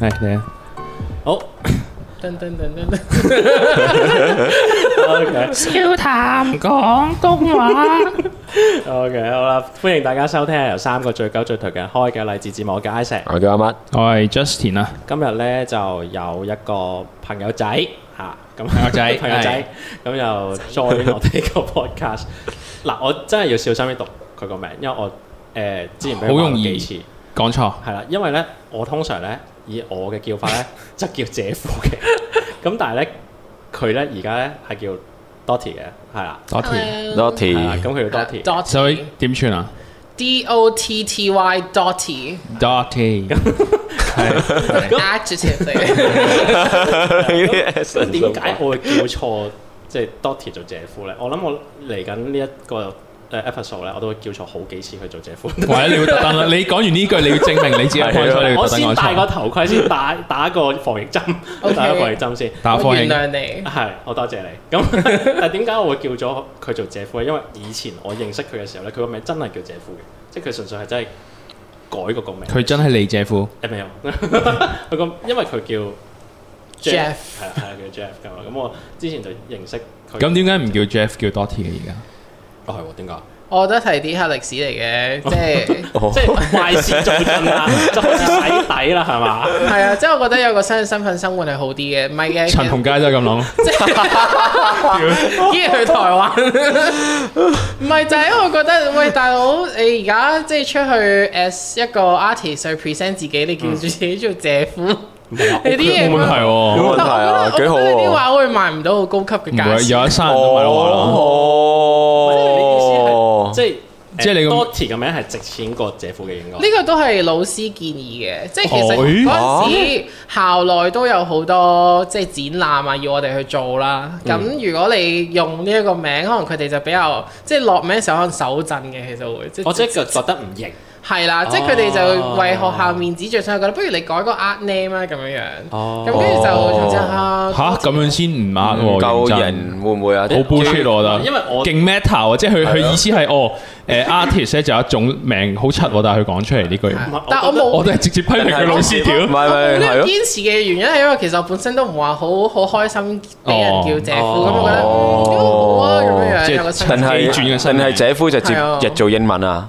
係嚟啊！好，等等等等等，OK。笑談廣東話，OK，好啦！歡迎大家收聽由三個最鳩最頹嘅開嘅勵志字幕嘅 Isaac。我叫阿乜？我係 Justin 啊！今日咧就有一個朋友仔吓，咁朋友仔，朋友仔咁又 join 我哋個 podcast。嗱，我真係要小心啲讀佢個名，因為我誒之前好容易講錯，係啦，因為咧我通常咧。以我嘅叫法咧，就叫姐夫嘅。咁但係咧，佢咧而家咧係叫 Dotty 嘅，係啦。Dotty，Dotty，咁佢叫 Dotty。所以點串啊？D O T T Y，Dotty，Dotty，係。Adjective。點解我會叫錯，即係 Dotty 做姐夫咧？我諗我嚟緊呢一個。e 咧，我都叫錯好幾次去做姐夫。或者你要等等啦，你講完呢句你要證明你自己。我先戴個頭盔先打打個防疫針，打個防疫針先。打防疫針。我原諒你。係，我多謝你。咁但係點解我會叫咗佢做姐夫咧？因為以前我認識佢嘅時候咧，佢個名真係叫姐夫嘅，即係佢純粹係真係改個個名。佢真係你姐夫？因為佢叫 Jeff 係啊，叫 Jeff 㗎嘛。咁我之前就認識佢。咁點解唔叫 Jeff 叫 Dotty 嘅而家？啊係喎，點解？我覺得提啲黑歷史嚟嘅，即係即係壞事做盡啦，就開始洗底啦，係嘛？係啊，即係我覺得有個新嘅身份生活係好啲嘅，唔係嘅陳同佳真係咁諗，即係去台灣，唔係就係因為我覺得喂，大佬，你而家即係出去 as 一個 artist 去 present 自己，你叫住自己做姐夫，你啲嘢冇問題喎，幾好啲畫會賣唔到好高級嘅價有而生，啲賣到畫即係即係你 Dotty 嘅名係值錢過姐夫嘅。應該呢個都係老師建議嘅，哎、即係其實嗰陣時校內都有好多即係展覽啊，要我哋去做啦。咁、嗯、如果你用呢一個名，可能佢哋就比較即係落名時候可能手震嘅，其實會即係我即係覺得唔型。係啦，即係佢哋就為學校面子着想，覺得不如你改個 art name 啊咁樣樣，咁跟住就從咁樣先唔呃。喎，夠型會唔會啊？好悲劇咯，因為我勁 meta 即係佢佢意思係哦誒 artist 咧就一種名好出喎，但係佢講出嚟呢句，但我冇我都係直接批評佢老師條，唔係，唔係。堅持嘅原因係因為其實我本身都唔話好好開心俾人叫姐夫咁，我覺得唔好啊咁樣樣。但係但係姐夫就直接做英文啊。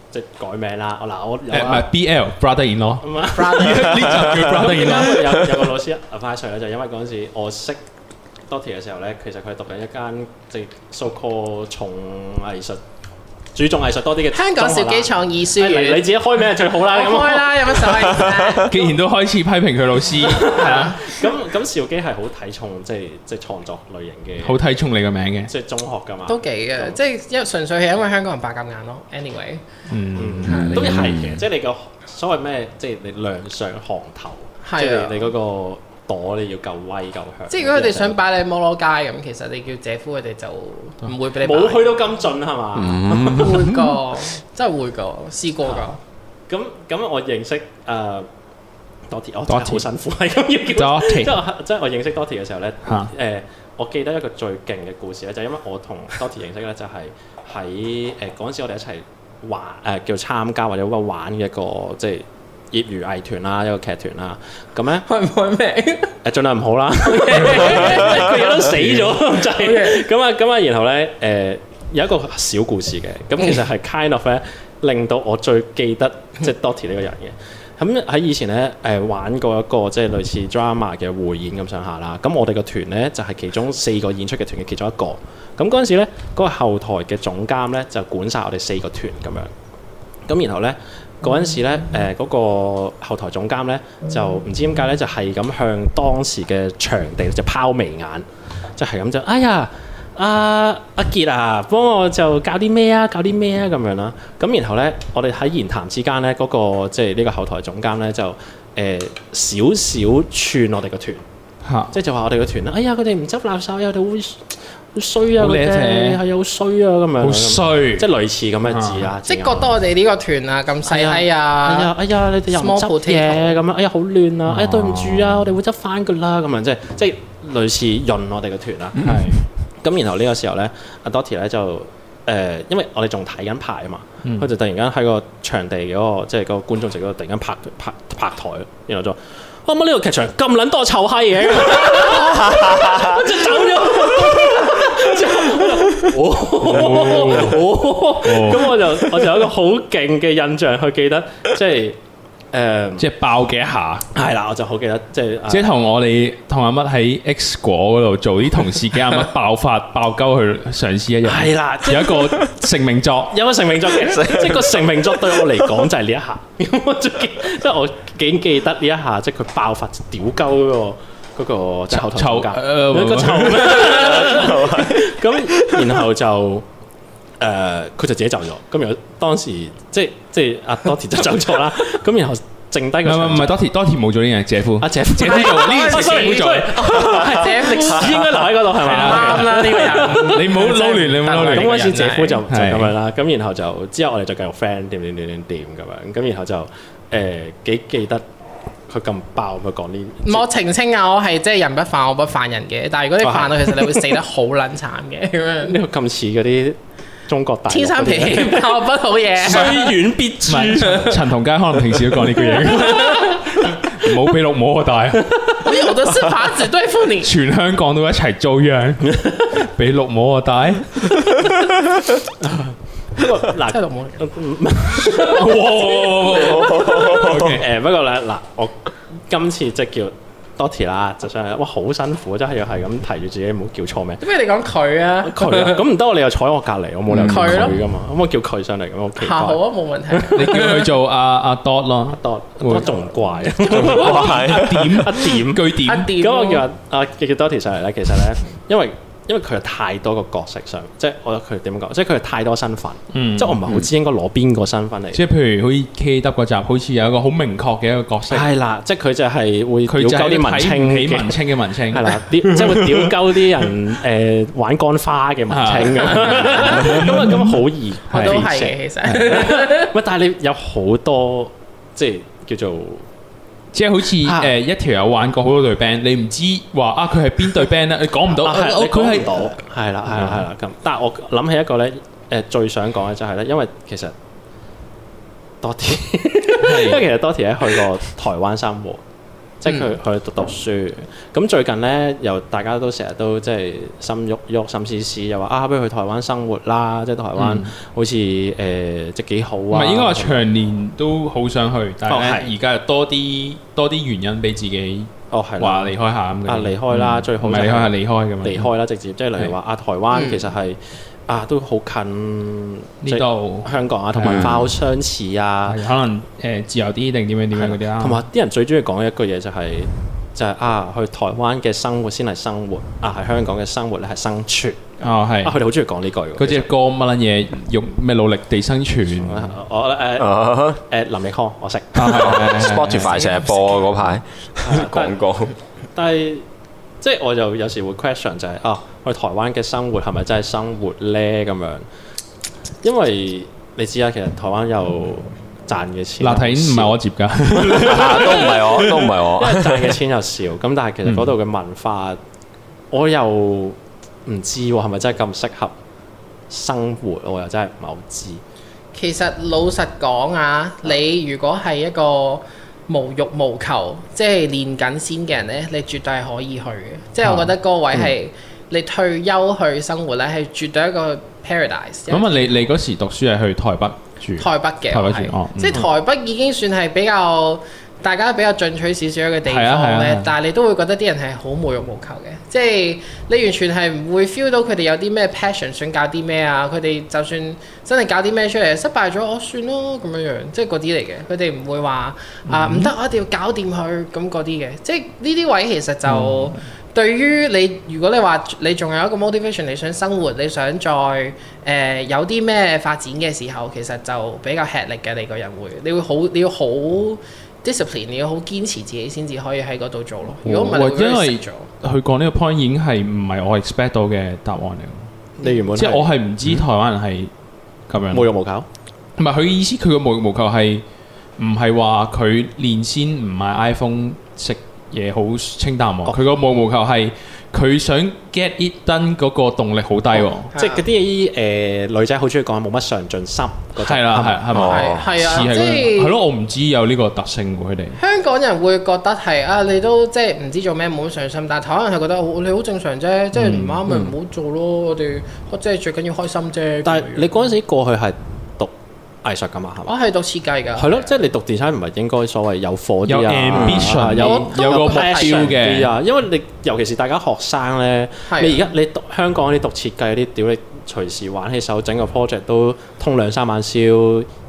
即改名啦！我嗱我誒唔係 BL Brother in law 咯，唔啊，Brother in law 呢集叫 Brother in、 嗯、有有個老師啊，拜託啦，就是、因為陣時我識 Dotty 嘅時候咧，其實佢係讀緊一間即、就是、so called 重藝術。注重藝術多啲嘅，香港兆基創意書院，你自己開名係最好啦，開啦有乜所謂？既然都開始批評佢老師，係啊，咁咁兆基係好睇重即係即係創作類型嘅，好睇重你個名嘅，即係中學㗎嘛，都幾嘅，即係一純粹係因為香港人白鴿眼咯。anyway，嗯，都係嘅，即係你個所謂咩，即係你量上行頭，即係你嗰個火你要夠威夠強，即係如果佢哋想擺你摩羅街咁，其實你叫姐夫佢哋就唔會俾你。冇去到咁盡係嘛？ 會㗎，真係會㗎，試過噶。咁咁、啊、我認識誒 Dotty，呃 ie, 哦、我真係好辛苦。係咁要叫，即、就、係、是、我， 我認識 Dotty 嘅時候咧，誒、啊呃，我記得一個最勁嘅故事咧，就是、因為我同 Dotty 認識咧，就係喺誒嗰陣時我哋一齊玩誒叫參加或者玩嘅一個即係。就是業餘藝團啦，一個劇團啦，咁咧開唔開咩？誒樣，盡量唔好啦，佢都死咗咁滯。咁、嗯、啊，咁啊，然後咧，誒、呃，有一個小故事嘅，咁其實係 kind of 咧，令到我最記得即係 Dotty 呢個人嘅。咁、嗯、喺以前咧，誒，玩過一個即係類似 drama 嘅匯演咁上下啦。咁我哋個團咧就係、是、其中四個演出嘅團嘅其中一個。咁嗰陣時咧，嗰、那個後台嘅總監咧就管晒我哋四個團咁樣。咁然後咧。嗰陣時咧，誒、呃、嗰、嗰個後台總監咧就唔知點解咧，就係咁向當時嘅場地就拋眉眼，就係咁就哎呀、啊、阿阿傑啊，幫我就搞啲咩啊，搞啲咩啊咁樣啦。咁然後咧，我哋喺言談之間咧，嗰、嗰個即係呢個後台總監咧就誒少少串我哋個團，即係、啊、就話我哋個團啦。哎呀，佢哋唔執垃圾啊，佢哋會。好衰啊，係啊，好衰啊，咁樣，好衰，即係類似咁嘅字啦，即係覺得我哋呢個團啊咁細啊，哎呀，哎呀，你哋又執嘢咁啊，哎呀，好亂啊，哎呀，對唔住啊，我哋會執翻噶啦，咁樣，即係即係類似潤我哋嘅團啊，係，咁然後呢個時候咧，阿 Dotty 咧就誒，因為我哋仲睇緊排啊嘛，佢就突然間喺個場地嗰個即係嗰個觀眾席嗰度突然間拍拍拍台，然後就，我唔好呢個劇場咁撚多臭閪嘢，哦咁、哦哦、 我就我就有一個好勁嘅印象去 記得，就是、即係誒，即係爆嘅一下，係啦，我就好記得，就是、即係即係同我哋同阿乜喺 X 果嗰度做啲同事，跟阿乜 爆發爆鳩去嘗試一樣，係啦了，有一個成名作， 有冇成名作嘅？即係 個成名作對我嚟講就係呢一下，咁 我即即係我竟然記得呢一下，即係佢爆發屌鳩嗰個。 嗰個臭頭，臭噶，一個臭咩？咁，然後就誒，佢就自己走咗。咁然後當時即即阿 Dotty 就走咗啦。咁然後剩低個唔係唔係 Dotty，Dotty 冇咗呢樣姐夫，阿姐夫姐夫做呢，姐夫做，姐夫應該留喺嗰度係嘛？啱啦，呢個人你唔好撈亂，你唔好撈亂咁。開始姐夫就就咁樣啦。咁然後就之後我哋就繼續 friend 點點點點點咁樣。咁然後就誒幾記得。佢咁爆，咪講呢啲。我澄清啊，我係即係人不犯我不犯人嘅，但係如果你犯到， 其實你會死得好撚慘嘅咁樣。呢個咁似嗰啲中國大。天生脾氣，我不好嘢。雖遠必誅。陳同佳可能平時都講呢句嘢。唔好俾綠帽我戴。我有的是法子對全香港都一齊做樣，俾 綠帽我戴。 不嗱，哇！誒，不過咧，嗱，我今次即叫 Dotty 啦，就上嚟。哇，好辛苦，真係要係咁提住自己，唔好叫錯名。咩？你講佢啊？佢咁唔得，你又坐喺我隔離，我冇理由佢噶嘛。咁我叫佢上嚟咁啊，好啊，冇問題。你叫佢做阿阿 Dot 咯，Dot 仲怪，仲怪。一點一點句點。咁我叫阿叫叫 Dotty 上嚟咧，其實咧，因為。因為佢有太多個角色上，即係我覺得佢點講，即係佢有太多身份、嗯嗯嗯，即係我唔係好知應該攞邊個身份嚟。即係譬如好似 K W 集，好似有一個好明確嘅一個角色。係啦的，即係佢就係會屌啲文，文，文，文青，起對、 呃、文青嘅文青。係啦，即係會屌鳩啲人誒玩乾花嘅文青咁。咁啊咁好易變性。都係其實。喂，但係你有好多即係叫做。即係好似誒、啊呃、一條友玩過好多隊 band，你唔知話啊佢係邊隊 band 咧？你講唔到，佢、啊、係，係啦係啦係啦咁。但係我諗起一個咧誒、呃、最想講嘅就係、是、咧，因為其實多田， 因為其實多田咧去過台灣生活。即係佢去讀讀書，咁、嗯、最近咧，又大家都成日都即係心喐喐，心思思又話啊，不如去台灣生活啦！即係台灣好似誒、嗯呃，即係幾好啊。唔係應該話長年都好想去，但係而家又多啲多啲原因俾自己哦，係話離開下咁啊，離開啦！嗯、最好就係離開咁樣離，離開啦，直接即係例如話的啊，台灣其實係。嗯啊，都好近呢度香港啊，同埋文化好相似啊，可能誒自由啲定點樣點樣嗰啲啦。同埋啲人最中意講一句嘢就係就係啊，去台灣嘅生活先係生活，啊喺香港嘅生活咧係生存啊，係啊，佢哋好中意講呢句。嗰隻歌乜嘢用咩努力地生存？我誒誒林奕匡，我識，Spotify 成日播嗰排廣告。但係即係我就有時會 question 就係啊。去台灣嘅生活係咪真係生活呢？咁樣，因為你知啦，其實台灣又賺嘅錢，嗱，體唔係我接噶，都唔係我，都唔係我賺嘅錢又少。咁 但係其實嗰度嘅文化，嗯、我又唔知喎，係咪真係咁適合生活？我又真係唔係好知。其實老實講啊，你如果係一個無欲無求，即係練緊先嘅人呢，你絕對係可以去嘅。嗯、即係我覺得嗰個位係。嗯你退休去生活咧，係絕對一個 paradise。咁啊，你你嗰時讀書係去台北住？台北嘅，台北的、哦、即係台北已經算係比較大家比較進取少少嘅地方。但係你都會覺得啲人係好無欲無求嘅，即係你完全係唔會 feel 到佢哋有啲咩 passion 想搞啲咩啊。佢哋就算真係搞啲咩出嚟，失敗咗我算咯，咁樣樣，即係嗰啲嚟嘅。佢哋唔會話、嗯、啊唔得，我一定要搞掂佢咁嗰啲嘅。即係呢啲位其實就、嗯。對於你，如果你話你仲有一個 motivation，你想生活，你想再誒、呃、有啲咩發展嘅時候，其實就比較吃力嘅。你個人會，你會好，你要好 discipline，你要好堅持自己先至可以喺嗰度做咯。如果唔係，因為佢講呢個 point 已經係唔係我 expect 到嘅答案嚟。你原本即係我係唔知台灣人係咁樣、嗯、無欲無求。唔係佢意思，佢嘅無欲無求係唔係話佢連先唔買 iPhone 食。嘢好清淡喎、啊，佢個毛毛球係佢想 get it done 嗰個動力好低喎、啊，嗯啊、即係嗰啲誒女仔好中意講冇乜上進心，係啦係係咪？係 啊，即係係咯，我唔知有呢個特性喎，佢哋香港人會覺得係啊，你都即係唔知做咩冇上心，但係台灣人係覺得你好正常啫，即係唔啱咪唔好做咯，我哋我即係最緊要開心啫。但係你嗰陣時過去係。藝術咁啊，係嘛？我係、哦、讀設計㗎。係咯了，的即係你讀 design 唔係應該所謂有火啲啊，有 ambition 的有有個 passion 嘅。啊、的因為你尤其是大家學生咧，的你而家你讀香港啲讀設計嗰啲屌你！隨時玩起手，整個 project 都通兩三晚宵，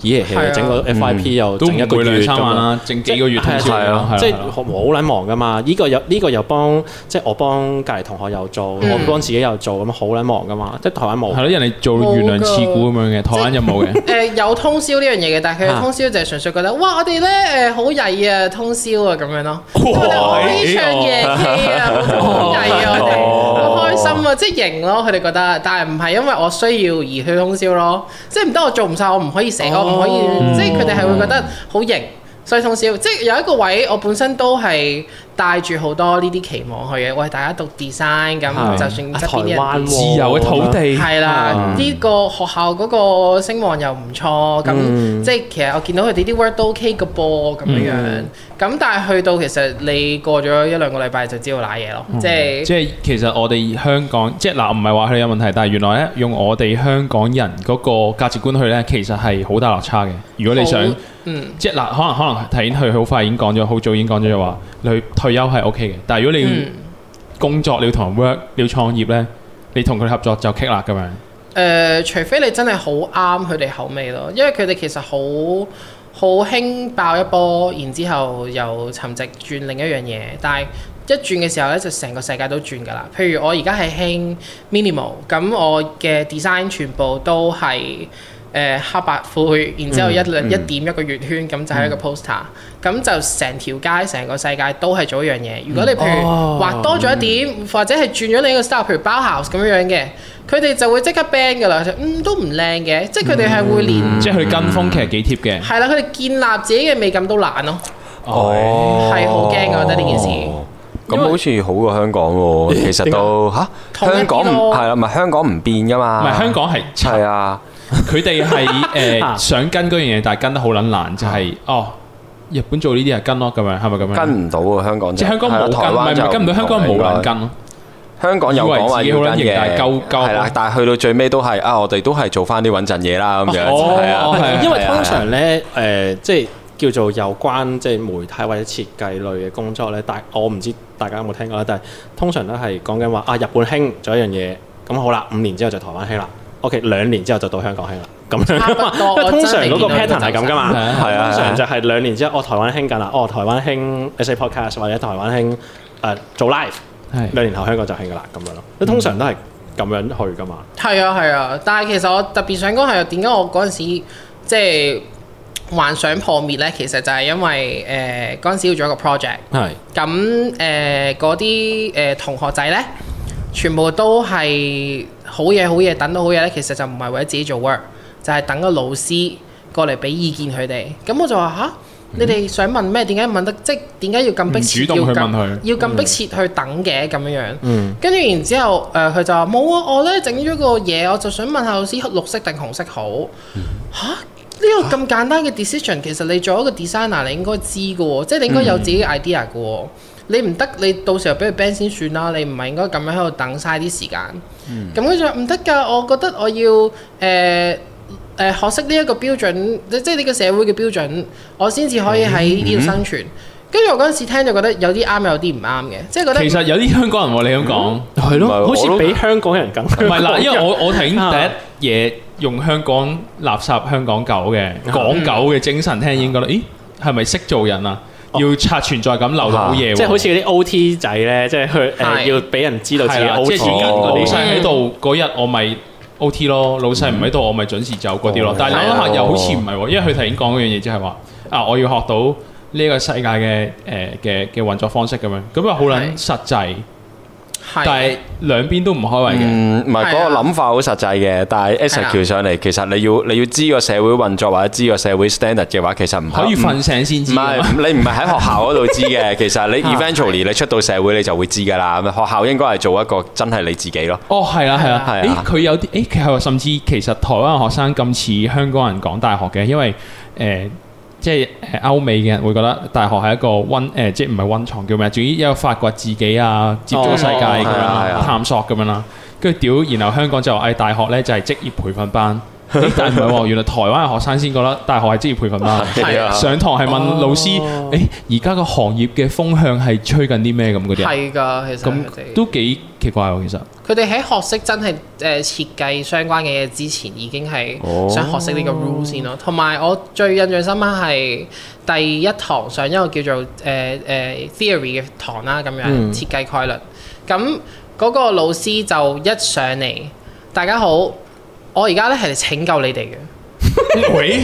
演、欸、嚟整個 FIP 又整一個月咁。兩三晚啦，整幾個，個月通宵。即係好撚忙㗎嘛！呢、呢個呢個有，依個又幫，即係我幫隔離同學又做，嗯、我幫自己又做，咁好撚忙㗎嘛！即、就、係、是、台灣冇。係咯，人哋做懸樑刺股咁樣嘅，台灣有冇嘅。誒、呃、有通宵呢樣嘢嘅，但係佢通宵就係純粹覺得，哇！我哋咧誒好曳啊，通宵啊咁樣咯。哇！可以唱夜 K 好曳啊，我哋好開心啊，即係型咯，佢哋覺得。但係唔係因為。我需要而去通宵咯，即係唔得，我做唔晒，我唔可以成，oh. 我唔可以，即係佢哋係會覺得好型。所以同時，即係有一個位，我本身都係帶住好多呢啲期望去嘅。喂，大家讀 design 咁，就算側邊啲人自由嘅土地係啦，呢個學校嗰個聲望又唔錯。咁、嗯、即係其實我見到佢哋啲 work 都 OK 嘅噃，咁樣、嗯、樣。咁、嗯、但係去到其實你過咗一兩個禮拜就知道瀨嘢咯。即係即係其實我哋香港即係嗱，唔係話佢哋有問題，但係原來咧用我哋香港人嗰個價值觀去咧，其實係好大落差嘅。如果你想。好嗯即，即係嗱，可能可能，提演佢好快已經講咗，好早已經講咗就話，你退休係 O K 嘅，但係如果你工作，你、嗯、要同人 work，你要創業咧，你同佢合作就棘啦咁樣。誒、呃，除非你真係好啱佢哋口味咯，因為佢哋其實好好興爆一波，然之後又沉寂轉另一樣嘢，但係一轉嘅時候咧，就成個世界都轉噶啦。譬如我而家係興 minimal，咁我嘅 design 全部都係。誒黑白灰，然之後一兩一點一個圓圈，咁就係一個 poster。咁就成條街、成個世界都係做一樣嘢。如果你譬如畫多咗一點，或者係轉咗你個 style，譬如 Bauhaus 咁樣嘅，佢哋就會即刻 ban 噶啦。就嗯都唔靚嘅，即係佢哋係會連即係跟風，其實幾貼嘅。係啦，佢哋建立自己嘅美感都難咯。哦係好驚，我覺得呢件事。咁好似好過香港喎，其實都嚇香港唔係啦，唔係香港唔變噶嘛，唔係香港係係啊。佢哋係誒想跟嗰樣嘢，但係跟得好捻難，就係哦，日本做呢啲係跟咯，咁樣係咪咁樣？跟唔到啊，香港即係香港冇跟，唔係跟唔到，香港冇人跟。香港有講話跟嘅，係啦，但係去到最尾都係啊，我哋都係做翻啲穩陣嘢啦，咁樣係啊，因為通常呢，誒，即係叫做有關即係媒體或者設計類嘅工作呢。但係我唔知大家有冇聽過啦，但係通常都係講緊話啊，日本興咗一樣嘢，咁好啦，五年之後就台灣興啦。OK，兩年之後就到香港興啦，咁，因為我通常嗰個 pattern 係咁噶嘛，係啊，啊通常就係兩年之後，哦，台灣興緊啦，哦，台灣興，你睇 podcast 或者台灣興，誒、呃、做 live，係是兩年後香港就興噶啦，咁樣咯，通常都係咁樣去噶嘛。係啊，係啊，但係其實我特別想講係點解我嗰陣時即係幻想破滅咧，其實就係因為誒嗰陣時要做一個 project，係，咁誒嗰啲誒同學仔咧，全部都係。好嘢好嘢，等到好嘢咧，其實就唔係為咗自己做 work，就係等個老師過嚟俾意見佢哋。咁我就話吓，你哋想問咩？點解問得即係點解要咁逼切主動去問佢要咁迫切去，去等嘅咁樣樣。嗯、跟住然之後，誒、呃、佢就話冇啊，我咧整咗個嘢，我就想問下老師，綠色定紅色好？吓、嗯，呢、呢個咁簡單嘅 decision，、啊、其實你做一個 designer，你應該知㗎喎，即係你應該有自己 idea 㗎喎。嗯你唔得，你到時候俾佢 ban 先算啦。你唔係應該咁樣喺度等晒啲時間。咁佢、嗯、就唔得㗎，我覺得我要誒誒、呃呃、學識呢一個標準，即係呢個社會嘅標準，我先至可以喺呢度生存。跟住、嗯、我嗰陣時聽就覺得有啲啱，有啲唔啱嘅，即係覺得其實有啲香港人你咁講係咯，是好似像 比香港人更唔係啦。因為我我睇緊第一嘢用香港垃圾香港狗嘅講狗嘅精神聽，聽已經覺得咦係咪識做人啊？要刷存在感留到好夜，啊。即係好似嗰啲 O T 仔咧，即係去誒要俾人知道自己，啊，即係如果老細喺度嗰日，我咪 O T 咯，老細唔喺度，我咪準時走嗰啲咯。嗯、但係諗下又好似唔係喎，因為佢頭先講嗰樣嘢，即係話啊，我要學到呢個世界嘅誒嘅嘅運作方式咁樣，咁又好撚實際。是但係兩邊都唔開胃嘅。唔係嗰個諗法好實際嘅。的但係 execute 上嚟，其實你要你要知個社會運作或者知個社會 standard 嘅話，其實唔可以瞓醒先知。唔係你唔係喺學校嗰度知嘅。 其實你 eventually 的你出到社會你就會知噶啦。學校應該係做一個真係你自己咯。哦，係啊，係啊，係的。啊的。佢、欸、有啲誒，其、欸、實甚至其實台灣學生咁似香港人講大學嘅，因為誒。呃即係歐美嘅人會覺得大學係一個温誒、呃，即係唔係溫牀叫咩？主要一個發掘自己啊，接觸世界、哦哦、探索咁樣啦，跟住屌，然後香港就話：大學呢，就係、是、職業培訓班。但唔係原來台灣嘅學生先覺得大學係職業培訓啦，的上堂係問老師：誒、哦，而家個行業嘅風向係吹緊啲咩咁嗰啲？係噶，其實咁都幾奇怪喎，其實。佢哋喺學識真係誒設計相關嘅嘢之前，已經係想學識呢個 rule 先咯。同埋、哦、我最印象深刻係第一堂上一個叫做誒誒、呃呃、Theory 嘅堂啦，咁樣設計概論。咁嗰、嗯那個老師就一上嚟，大家好。我而家咧係嚟拯救你哋嘅。喂，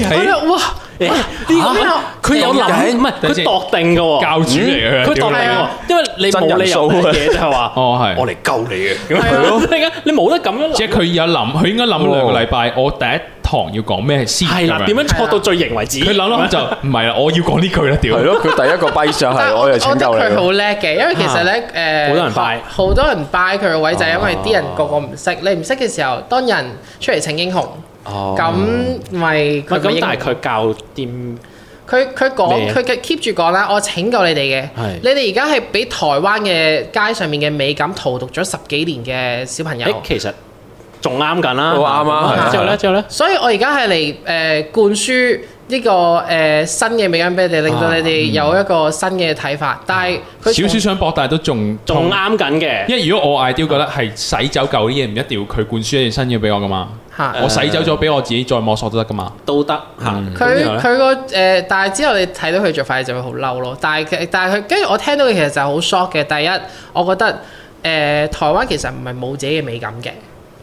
哇，呢個佢有諗，唔係佢度定嘅，教主嚟嘅，佢度定。因為你冇理由嘅嘢就話，哦係，我嚟救你嘅，係咯。你冇得咁樣？即係佢有諗，佢應該諗兩個禮拜。我第一。堂要講咩先？係嗱，點樣錯到最型為止？佢諗諗就唔係啦，我要講呢句啦，屌，係咯，佢第一個拜上係我又請覺得佢好叻嘅，因為其實咧誒，好多人拜，好多人拜佢嘅位就係因為啲人個個唔識。你唔識嘅時候，當人出嚟請英雄，咁咪咪咁，但係佢教掂，佢佢講，佢嘅 keep 住講啦，我請教你哋嘅，你哋而家係俾台灣嘅街上面嘅美感荼毒咗十幾年嘅小朋友。其實。仲啱緊啦，都啱啊！之、啊嗯、後咧，之後咧，所以我而家係嚟誒灌輸呢、這個誒、呃、新嘅美感俾你哋，令到你哋有一個新嘅睇法。啊、但係少少想博，但係都仲仲啱緊嘅。啊、因為如果我艾雕覺得係洗走舊啲嘢，唔、啊、一定要佢灌輸一樣新嘢俾我噶嘛。嚇、啊，我洗走咗俾我，我自己再摸索都得噶嘛，都得嚇。佢佢個誒，是但係之後你睇到佢著法，你就會好嬲咯。但係但係佢跟住我聽到嘅其實就係好 shock 嘅。第一，我覺得誒、呃、台灣其實唔係冇自己嘅美感嘅。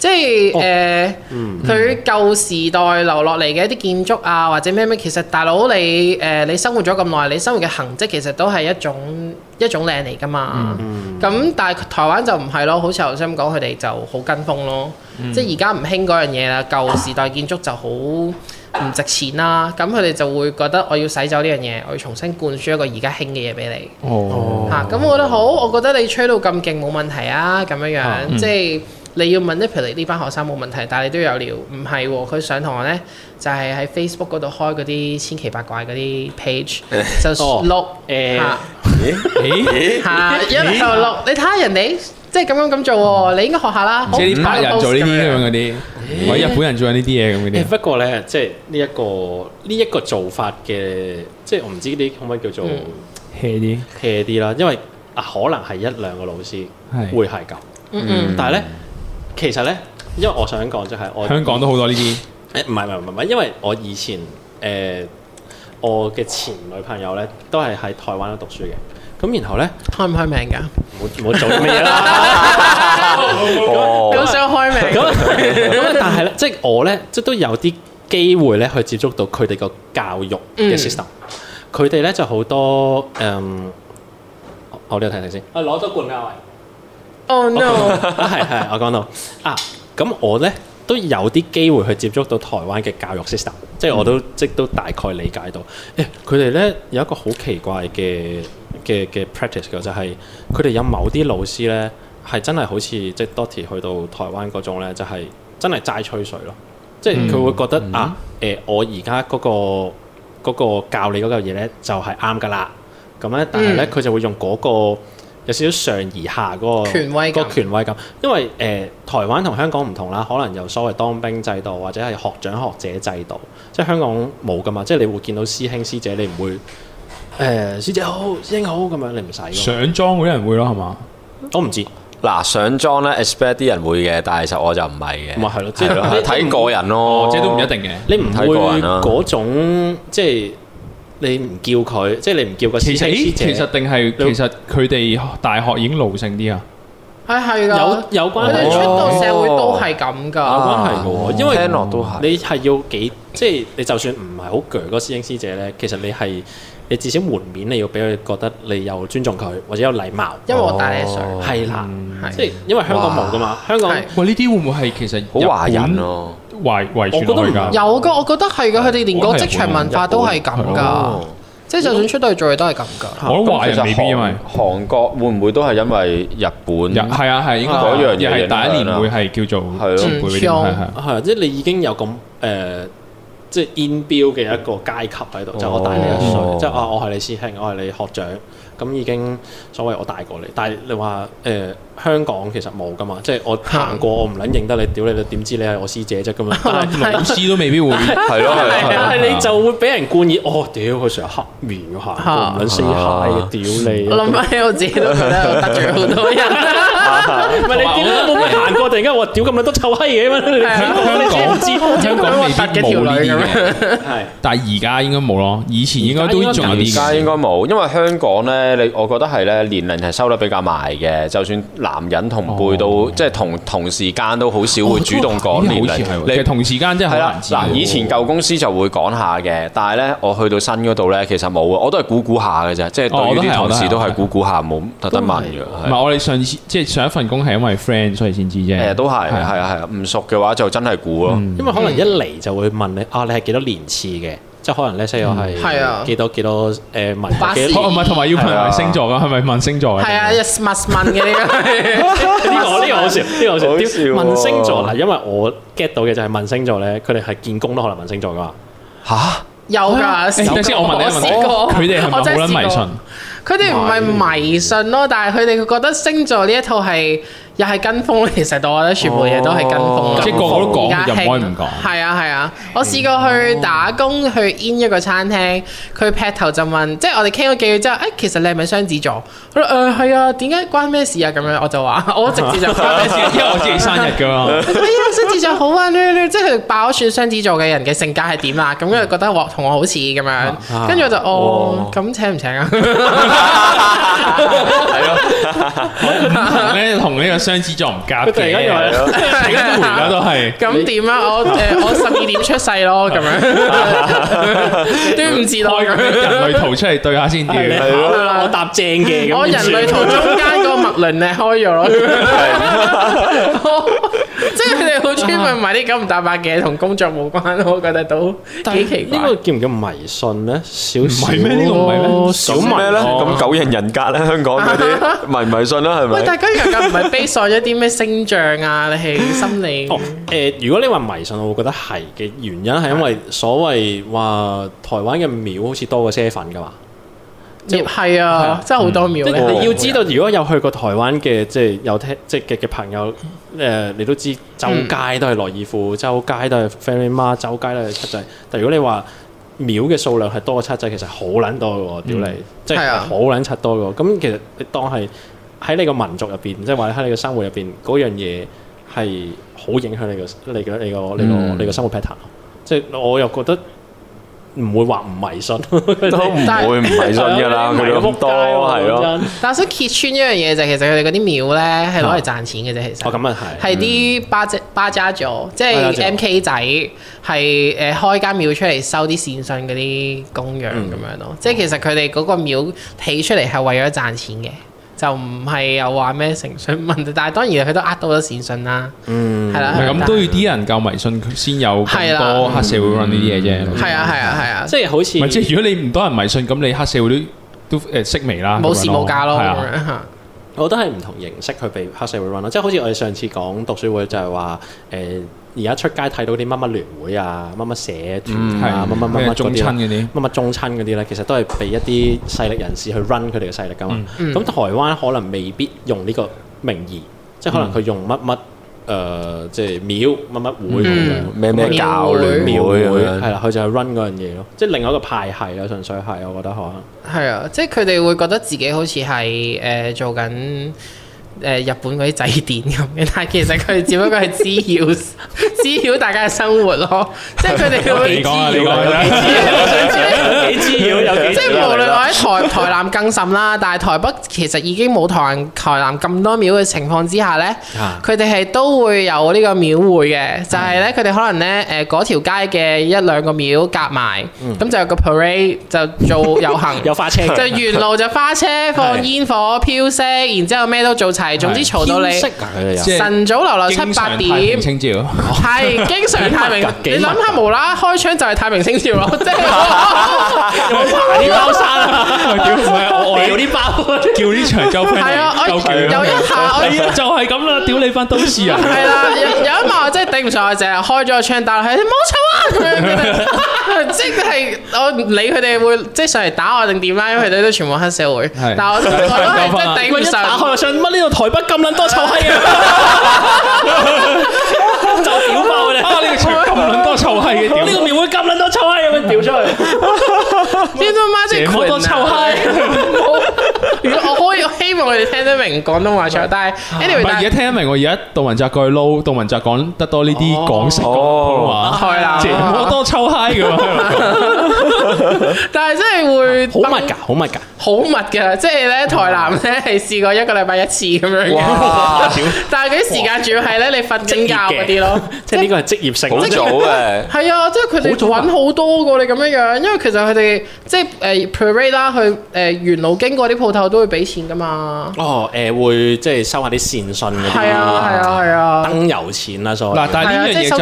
即係誒，佢、呃、舊、嗯嗯、時代留落嚟嘅一啲建築啊，或者咩咩，其實大佬你誒你生活咗咁耐，你生活嘅痕跡其實都係一種一種靚嚟噶嘛。咁、嗯嗯、但係台灣就唔係咯，好似頭先咁講佢哋就好跟風咯。嗯、即係而家唔興嗰樣嘢啦，舊時代建築就好唔值錢啦。咁佢哋就會覺得我要洗走呢樣嘢，我要重新灌輸一個而家興嘅嘢俾你。嚇咁、哦嗯嗯、我覺得好，我覺得你吹到咁勁冇問題啊。咁樣樣、嗯、即係。嗯你要問呢排呢班學生冇問題，但係你都有聊，唔係喎。佢上堂咧就係喺 Facebook 嗰度開嗰啲千奇百怪嗰啲 page，就錄誒，嚇一又六。你睇下人哋即係咁樣咁做喎，你應該學下啦。即係啲白人做呢啲咁嗰啲，或者日本人做緊呢啲嘢咁嗰啲。不過咧，即係呢一個呢一個做法嘅，即係我唔知啲可唔可以叫做 hea 啲 hea 啲啦，因為啊可能係一兩個老師會係咁，但係咧。其實咧，因為我想講就係，香港都好多呢啲。誒唔係唔係唔係唔係，因為我以前誒、呃、我嘅前女朋友咧，都係喺台灣度讀書嘅。咁然後咧，開唔開名噶？冇冇做啲咩嘢啦？咁想開名。咁但係咧，即、就、係、是、我咧，即、就是、都有啲機會咧，去接觸到佢哋個教育嘅 system、嗯。佢哋咧就多、嗯、好多誒，我哋睇睇先。我攞咗冠名位。哦、oh，no！係係， 我講到 啊，咁我咧都有啲機會去接觸到台灣嘅教育 system，即係我都、嗯、即都大概理解到。誒、欸，佢哋咧有一個好奇怪嘅嘅嘅 practice 嘅，就係佢哋有某啲老師咧，係真係好似即係 Dotty 去到台灣嗰種咧，就係、係、真係齋吹水咯。即係佢會覺得、嗯、啊，誒、嗯呃，我而家嗰個嗰、嗰個教你嗰嚿嘢咧就係啱噶啦。咁咧，但係咧佢就會用嗰、嗰個。有少少上而下個權威個權威感，因為誒、呃、台灣同香港唔同啦，可能有所謂當兵制度或者係學長學者制度，即係香港冇㗎嘛，即係你會見到師兄師姐，你唔會誒、呃、師姐好師兄好咁樣，你唔使上裝上莊嗰啲人會咯，係嘛？我唔知嗱上莊咧，expect 啲人會嘅，但係其實我就唔係嘅。咁啊係咯，睇、就是、 個人咯，即不、哦就是、都唔一定嘅。你唔會嗰種即係。就是你唔叫佢，即係你唔叫個師兄師姐。其實定係其實佢哋大學已經老成啲啊？系係噶，有有關係，出到社會都係咁噶。有關係噶，因為聽落都係。你係要幾？即係你就算唔係好夾嗰個師兄師姐咧，其實你係你至少門面，你要俾佢覺得你有尊重佢或者有禮貌。因為我帶你水，係啦，即係因為香港冇噶嘛。香港喂，呢啲會唔會係其實好華人咯？維維持到有噶，我覺得係噶，佢哋連個職場文化都係咁噶，即係就算出到去做嘢都係咁噶。我覺得其實韓韓國會唔會都係因為日本？係啊係，應該嗰樣嘢嚟第一年會係叫做係咯，會即係你已經有咁誒，即係 inbuilt 嘅一個階級喺度。就我大你一歲，即係啊，我係你師兄，我係你學長。咁已經所謂我帶過你，但係你話誒、呃、香港其實冇噶嘛，即係我行過我唔撚認得你。屌你你點知你係我師姐啫咁樣，老師都未必會係咯，係 你就會俾人冠以，哦屌佢成日黑面」 我。嘅鞋，唔撚死蟹屌你，我諗番起我自己覺得我得罪好多人。 唔係你點都冇行過，突然間我屌咁樣都臭閪嘢。咩？香港你講唔知，香港未必冇女嘅咩？係，但係而家應該冇咯。以前應該都仲而家應該冇，因為香港咧，你我覺得係咧，年齡係收得比較埋嘅。就算男人同輩都，即係同同時間都好少會主動講年齡。好似係，其實同時間真係好難知。嗱，以前舊公司就會講下嘅，但係咧，我去到新嗰度咧，其實冇啊。我都係估估下嘅啫，即係對啲同事都係估估下，冇特登問嘅。唔係，我哋上次即係。上一份工係因為 friend 所以先知啫，誒都係，係啊係啊，唔熟嘅話就真係估咯。因為可能一嚟就會問你啊，你係幾多年次嘅？即係可能你室友係幾多幾多誒民，唔係，同埋要問星座噶，係咪問星座？係啊，一 must 問嘅。呢個呢個呢個好笑，呢個好笑。問星座嗱，因為我 get 到嘅就係問星座咧，佢哋係見工都可能問星座噶嘛。嚇有㗎，你等先，我問你問佢哋係咪冇得迷信？佢哋唔係迷信咯，但係佢哋會覺得星座呢一套係。又係跟風，其實我覺得全部嘢都係跟風。即個個都講，又唔可以唔講。係啊係啊，我試過去打工，去 in 一個餐廳，佢劈頭就問，即係我哋傾咗幾句之後，誒，其實你係咪雙子座？誒係啊，點解關咩事啊？咁樣我就話，我直接就關咩事？因為我自己生日㗎嘛。哎呀，雙子座好啊，即係佢爆選雙子座嘅人嘅性格係點啊？咁佢覺得同我好似咁樣，跟住我就哦，咁請唔請啊？係咯，唔同咧，同呢個。雙子座唔夾嘅，而家 都係。咁點 啊？我誒 我十二點出世咯，咁樣對唔住咯。 人類圖出嚟對下先點， 的 我搭正嘅。 我人類圖中間個脈輪咧開咗。你好中意問埋啲九唔搭八嘅，同工作無關，我覺得都幾奇怪。呢個叫唔叫迷信咧？少少咩咧？少咩咧？咁九型人格咧，香港嗰啲迷唔迷信啦，係咪？喂，九型人格唔係 base on 一啲咩星象啊？你係心理？誒，如果你話迷信，我會覺得係嘅原因係因為所謂話台灣嘅廟好似多過些粉噶嘛。係啊，真係好多廟，你要知道，如果有去過台灣嘅，即係有聽即係嘅朋友，誒，你都知，周街都係樂兒婦，周街都係 family 媽，走街都係七仔。但如果你話廟嘅數量係多過七仔，其實好撚多嘅喎，屌你，即係好撚七多嘅喎。咁其實你當係喺你個民族入邊，即係話喺你嘅生活入邊，嗰樣嘢係好影響你個你嘅你個你個你個生活 pattern。即係我又覺得。唔會話唔迷信，都唔會唔迷信噶啦，佢哋咁是多係咯。 對哦、但係想揭穿一樣嘢就係，其實佢哋嗰啲廟咧係攞嚟賺錢嘅啫。啊、其實我咁啊係，係啲、哦就是、巴啫、嗯、巴扎左，即係 M K 仔係誒開間廟出嚟收啲善信嗰啲供養咁樣咯。即係其實佢哋嗰個廟起出嚟係為咗賺錢嘅。又唔係又話咩誠信問題，但係當然佢都呃到好多善信啦，係啦，咁都要啲人夠迷信佢先有咁多黑社會 run 啲嘢啫。係啊係啊係啊，即係好似，即係如果你唔多人迷信，咁你黑社會都都誒息、呃、微啦，冇市冇價咯。的嗯、我覺得係唔同形式去被黑社會 run 咯，即、就、係、是、好似我哋上次講讀書會就係話誒。呃而家出街睇到啲乜乜聯會啊，乜乜社團啊，乜乜乜乜嗰啲乜乜中親嗰啲咧，其實都係畀一啲勢力人士去 run 佢哋嘅勢力㗎嘛。咁、嗯、台灣可能未必用呢個名義，嗯、即係可能佢用乜乜誒，即係廟乜乜會咁咩咩教聯廟會咁樣。啦會，佢會就係 run 嗰樣嘢咯，即係、嗯、另外一個派系啦，純粹係我覺得可能係啊，即係佢哋會覺得自己好似係誒做緊。誒日本嗰啲祭典咁嘅，但係其實佢哋只不過係滋擾滋擾大家嘅生活咯，即係佢哋會滋擾，幾滋擾？幾滋擾？有幾滋擾？即係無論我喺台台南更甚啦，但係台北其實已經冇台台南咁多廟嘅情況之下呢，佢哋係都會有呢個廟會嘅，就係呢，佢哋可能呢誒嗰條街嘅一兩個廟夾埋，咁就有個 parade 就做遊行，有花車，就沿路就花車放煙火飄色，然之後咩都做係，總之嘈到你。晨早流流七八點，清醮係，經常太平。你諗下，無啦開窗就係太平清醮咯。屌，我刪啦！唔係，我調啲包，調啲長洲。係啊，我調一下，我調就係咁啦，屌你翻都市啊。係啦，有一幕我真係頂唔順，我淨係開咗個窗打落去，係你冇嘈啊！即係我理佢哋會即係上嚟打我定點啦，因為佢哋都全部黑社會。但係我真係頂唔順，我上乜呢度？台北咁撚多臭閪啊， 包 啊！就屌爆咧！呢個咁撚多臭閪嘅，呢個廟會咁撚多臭閪咁樣跳出嚟，天啊媽！好多臭閪、啊 啊。我可以，希望佢哋聽得明廣東話唱，但係 anyway，而家聽得明。我而家杜文澤過去撈，杜文澤講得多呢啲廣式廣東話，即好多抽嗨 i 嘛。但係真係會好密㗎，好密㗎，好密㗎。即係咧，台南咧係試過一個禮拜一次咁樣嘅。但係佢啲時間主要係咧，你瞓緊覺嗰啲咯。即係呢個係職業性好早嘅。係啊，即係佢哋揾好多㗎。你咁樣樣，因為其實佢哋即係誒 parade 啦，去誒沿路經過啲鋪頭。都會俾錢噶嘛？哦，誒、呃、會即係收下啲善信咁樣。係啊，係啊，係啊。啊燈油錢啦、啊，所以，嗱、啊，但係呢樣嘢就即呢、啊就係、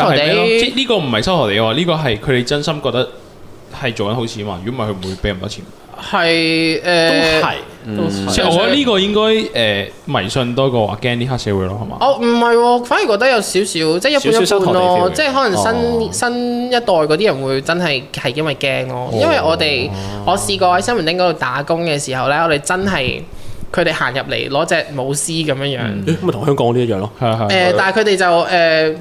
個唔係收學你喎，呢、呢個係佢哋真心覺得係做緊好事嘛。如果唔係，佢唔會俾咁多錢。係誒。呃、都係。即係、嗯、我覺得呢個應該誒、呃、迷信多過驚啲黑社會咯，係嘛？哦，唔係喎，反而覺得有少少，即、就、係、是、一半一半咯、哦。即係、哦、可能新新一代嗰啲人會真係係因為驚咯，因為我哋、哦、我試過喺西門町嗰度打工嘅時候咧，我哋真係。佢哋行入嚟攞隻舞獅咁樣樣，咁咪同香港嗰啲一樣咯。誒，但係佢哋就誒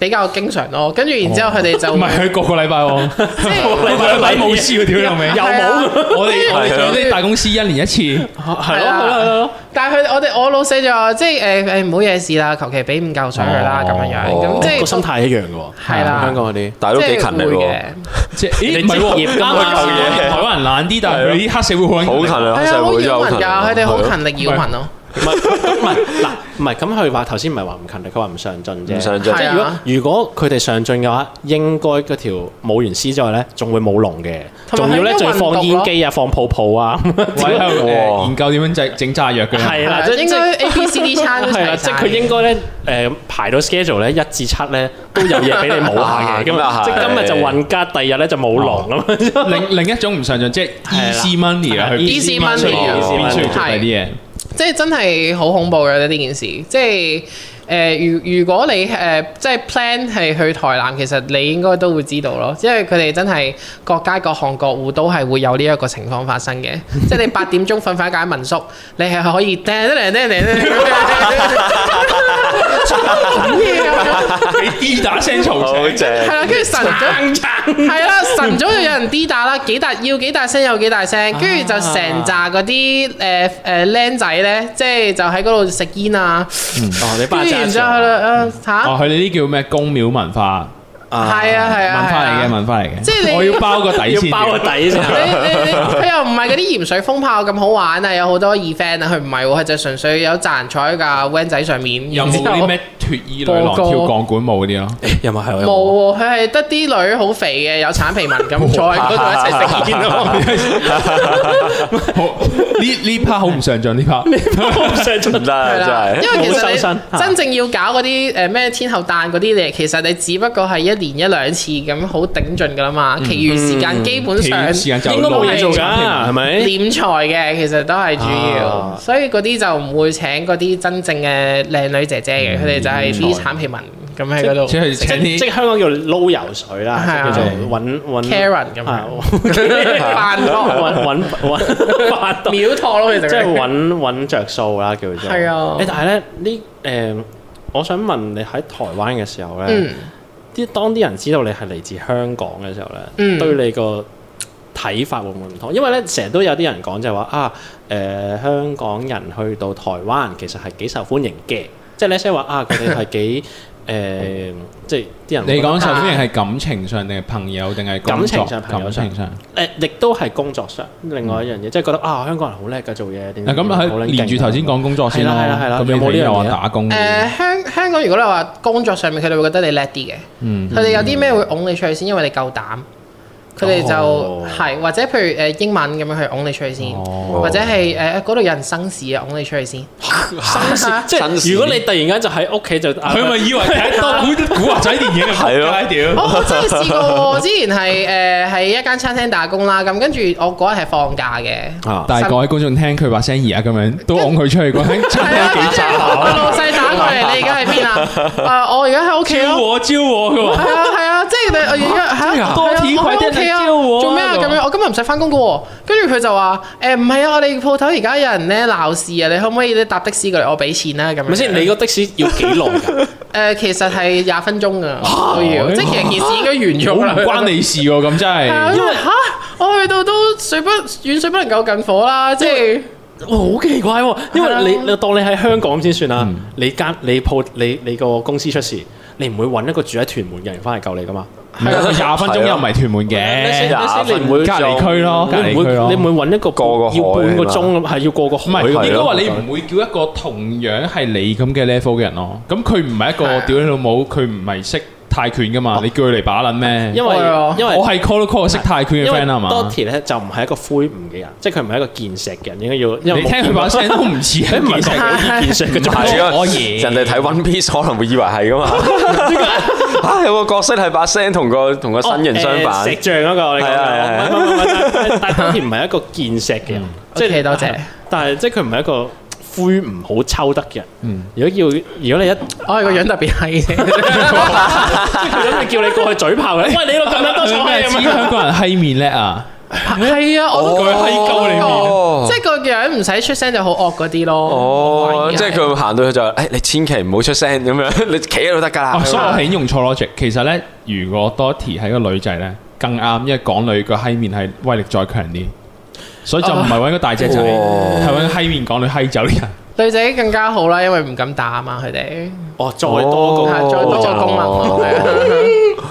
比較經常咯。跟住然之後佢哋就唔係每個禮拜，個禮拜睇舞獅嗰條又未，又冇。我哋我哋嗰啲大公司一年一次，係咯。但係佢我哋我老死就即係誒誒唔好惹事啦，求其俾五嚿水佢啦咁樣樣，咁即係個心態一樣㗎喎。係啦，香港嗰啲大陸幾勤力嘅。咦？唔係喎，但係台灣人懶啲，但係佢啲黑社會好勤力啊！社會又係啊，好勤力啊！佢哋好勤力擾民咯。唔係，嗱。唔係，咁佢話頭先唔係話唔勤力，佢話唔上進啫。唔上進，即係如果佢哋上進嘅話，應該嗰條舞員師之外咧，仲會舞龍嘅，仲要咧再放煙機啊，放泡泡啊，之後研究點樣整整炸藥嘅。係啦，即係 A B C D 餐都啦，即係佢應該咧誒排到 schedule 咧一至七咧都有嘢俾你舞下嘅。咁即係今日就混吉，第二日咧就舞龍咁。另另一種唔上進，即係 easy money 啊，去邊處邊處搣啲嘢。即係真係好恐怖嘅呢件事，即係誒，如、呃、如果你誒、呃、即係 plan 係去台南，其實你應該都會知道咯，因為佢哋真係各街各行各戶都係會有呢一個情況發生嘅，即係你八點鐘瞓翻喺民宿，你係可以。 嘈 你啲打聲嘈嘈嘅，係啦，跟住晨早，係啦，晨早就有人啲打啦，幾大要幾大聲有幾大聲，跟、呃、住、呃、就成扎嗰啲誒誒僆仔咧，即係就喺嗰度食煙啊，你跟住就去啦吓，佢哋啲叫咩宮廟文化。係啊係啊，問返嚟嘅，問返嚟嘅。啊、即係你我要包個底先， 要包個底先。佢又唔係嗰啲鹽水風炮咁好玩啊，有好多 event 啊。佢唔係，佢就純粹有賺，坐喺架 van 仔上面又知血衣跳鋼管舞嗰啲咯，有冇係冇？佢係得啲女好肥嘅，有橙皮紋咁坐喺度一齊食件咯。呢呢 part 好唔上進，呢 part 好唔上進唔得啊，真係。因為其實你真正要搞嗰啲誒咩天后誕嗰啲嘢，其實你只不過係一年一兩次咁好頂盡噶啦嘛，其餘時間基本上應該冇嘢做㗎，係咪？斂財嘅其實都係主要，所以嗰啲就唔會請嗰啲真正嘅靚女姐姐嘅，佢哋就。係 B 產皮文，咁喺度，即係香港叫撈油水啦，叫做揾 Karen 咁，揾揾揾秒托咯，其實即係揾揾着數啦，叫做係啊！誒，但係咧呢誒，我想問你喺台灣嘅時候咧，啲當啲人知道你係嚟自香港嘅時候咧，對你個睇法會唔會唔同？因為咧成日都有啲人講就係話啊，誒香港人去到台灣其實係幾受歡迎嘅。即係咧，先話啊！佢哋係幾誒，即係啲人。你講受歡迎係感情上定係朋友定係感情上、朋友上，誒亦都係工作上。另外一樣嘢，即係覺得啊，香港人好叻㗎，做嘢點點。咁喺連住頭先講工作先啦，咁有冇啲人話打工？誒，香香港如果你話工作上面，佢哋會覺得你叻啲嘅。嗯。佢哋有啲咩會拱你出去先，因為你夠膽。佢哋就係或者譬如誒英文咁樣去拱你出去先，或者係誒嗰度有人生事啊，拱你出去先。生事即係如果你突然間就喺屋企就，佢咪以為睇一啲古惑仔電影係咯？我真係試過喎，之前係誒喺一間餐廳打工啦，咁跟住我嗰日係放假嘅。但係各位觀眾聽佢把聲而家咁樣都拱佢出去嗰間餐廳幾渣啊！老細打過嚟，你而家喺邊啊？我而家喺屋企，招我，招我嘅，係啊，係啊！你而家喺屋企啊，做咩咁樣？我今日唔使翻工噶。跟住佢就話：誒，唔係啊，我哋鋪頭而家有人咧鬧事啊，你可唔可以你搭的士過嚟？我俾錢啦。咁，唔係先，你個的士要幾耐噶？誒，其實係廿分鐘噶，都要。即係其實件事已經完咗啦，唔關你事喎。咁真係，因為吓我去到都水不遠水不能夠近火啦。即係，好奇怪，因為你你當你喺香港先算啦。你間你鋪你你個公司出事，你唔會搵一個住喺屯門嘅人翻嚟救你噶嘛？係廿是分鐘又唔係屯門嘅，分你唔會隔離區咯，隔離你唔會揾一個過個要半個鐘咁，係要過個唔係應該話你唔會叫一個同樣係你咁嘅 level 嘅人咯，咁佢唔係一個屌你老母，佢唔係識。泰拳噶嘛？你叫佢嚟把撚咩？因為因為我係 call 都 call 識泰拳嘅 friend 啊嘛。Dotty 咧就唔係一個魁梧嘅人，即係佢唔係一個健碩嘅人，應該要你聽佢把聲都唔似啊，唔係泰拳健碩嘅狀態。人哋睇 One Piece 可能會以為係噶嘛？嚇有個角色係把聲同個同個身形相反。石像嗰個係啊，但係 Dotty 唔係一個健碩嘅人。即係多謝，但係即係佢唔係一個。灰唔好抽得嘅，如果要如果你一，哎，個樣特別嘿，如果叫你過去嘴炮你，喂你咯咁樣，當時香港人嘿面叻啊，係啊，我都過去即係個樣唔使出聲就好惡嗰啲咯。哦，即係佢會行到去就，哎你千祈唔好出聲咁樣，你企喺度得噶啦。所以我係用錯 logic，其實咧，如果 Dotty 係個女仔咧，更啱，因為港女個嘿面係威力再強啲。所以就唔係揾個大隻仔，係揾閪面講你閪走啲人。女仔更加好啦，因為唔敢打嘛佢哋。哦，再多個，再多個功能。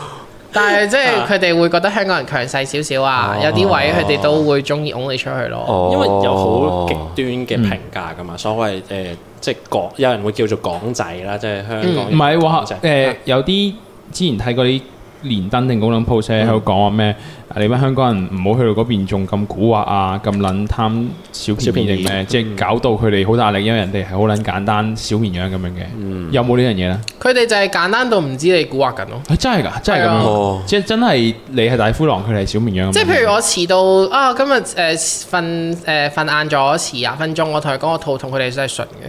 但係即係佢哋會覺得香港人強勢少少啊，有啲位佢哋都會鍾意拱你出去咯。因為有好極端嘅評價㗎嘛，所謂誒即係港有人會叫做港仔啦，即係香港人。唔係喎，誒有啲之前睇過啲連登定功能鋪車喺度講話咩？你班香港人唔好去到嗰邊，仲咁蠱惑啊，咁撚貪小便宜咩？即係搞到佢哋好大壓力，因為人哋係好撚簡單小綿羊咁樣嘅。有冇呢樣嘢咧？佢哋就係簡單到唔知你蠱惑緊咯。真係㗎，真係咁樣，即係真係你係大灰狼，佢哋係小綿羊。即係譬如我遲到啊，今日誒瞓誒瞓晏咗遲廿分鐘，我同佢講個肚痛，佢哋真係純嘅。